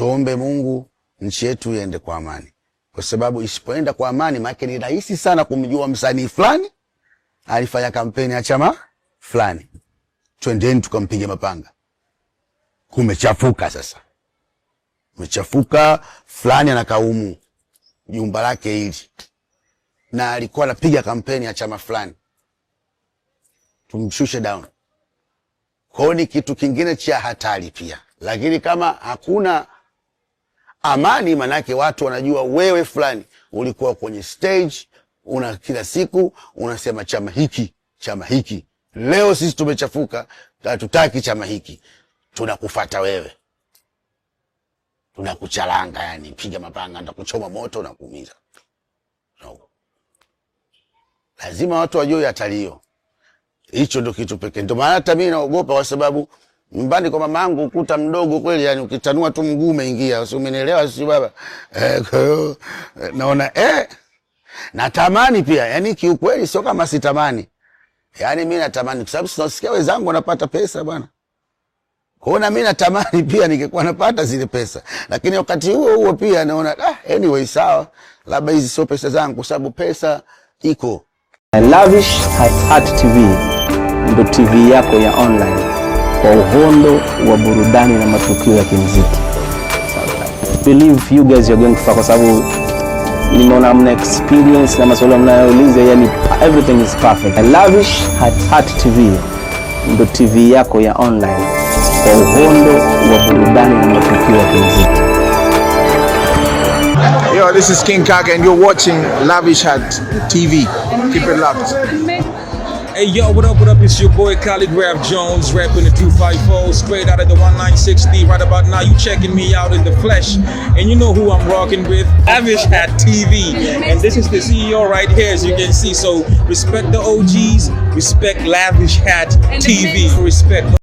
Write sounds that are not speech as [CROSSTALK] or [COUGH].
tuombe Mungu nchi yetu iende kwa amani, kwa sababu isipoenda kwa amani, maana ni rahisi sana kumjua msanii fulani alifanya kampeni ya chama fulani, twendeni tukampiga mapanga. Kumechafuka sasa, mechafuka. Fulani anakaumu jumba lake hili, na alikuwa anapiga kampeni ya chama fulani, tumshushe down. Kwao ni kitu kingine cha hatari pia, lakini kama hakuna amani, manake watu wanajua wewe fulani ulikuwa kwenye stage, una kila siku unasema chama hiki chama hiki. Leo sisi tumechafuka, hatutaki chama hiki, tunakufata wewe, tunakuchalanga, yani piga mapanga, ndakuchoma moto na kuumiza. No. Lazima watu wajue hatari hiyo. Hicho ndo kitu pekee, ndo maana hata mi naogopa kwa sababu nyumbani kwa mama mamangu ukuta mdogo kweli, yani ukitanua tu mguu umeingia, si umenielewa? Si baba eh? Kwa eh, naona eh, natamani pia, yani kiukweli sio kama sitamani, yani mi natamani kwa sababu sinasikia wenzangu wanapata pesa bwana. kwao, na mimi natamani [LAUGHS] pia ningekuwa napata zile pesa, lakini wakati huo huo pia naona ah, anyway sawa, labda hizi sio pesa zangu, kwa sababu pesa iko. Lavish Hats Art TV ndo TV yako ya online kwa uhondo wa burudani na matukio ya kimuziki. Believe you guys are going to kwa sababu nimeona mna experience na maswali mnayouliza, yani everything is perfect. Lavish Heart TV ndo TV yako ya online kwa uhondo wa burudani na matukio ya kimziki. Yo, this is King Kaka and you're watching Lavish Hat TV. Keep it locked. Hey yo, what up, what up? It's your boy Calligraph Jones, rapping the 254, straight out of the 1960. Right about now, you checking me out in the flesh, and you know who I'm rocking with, Avish Hat TV, and this is the CEO right here, as you can see. So respect the OGs, respect Lavish Hat TV, respect.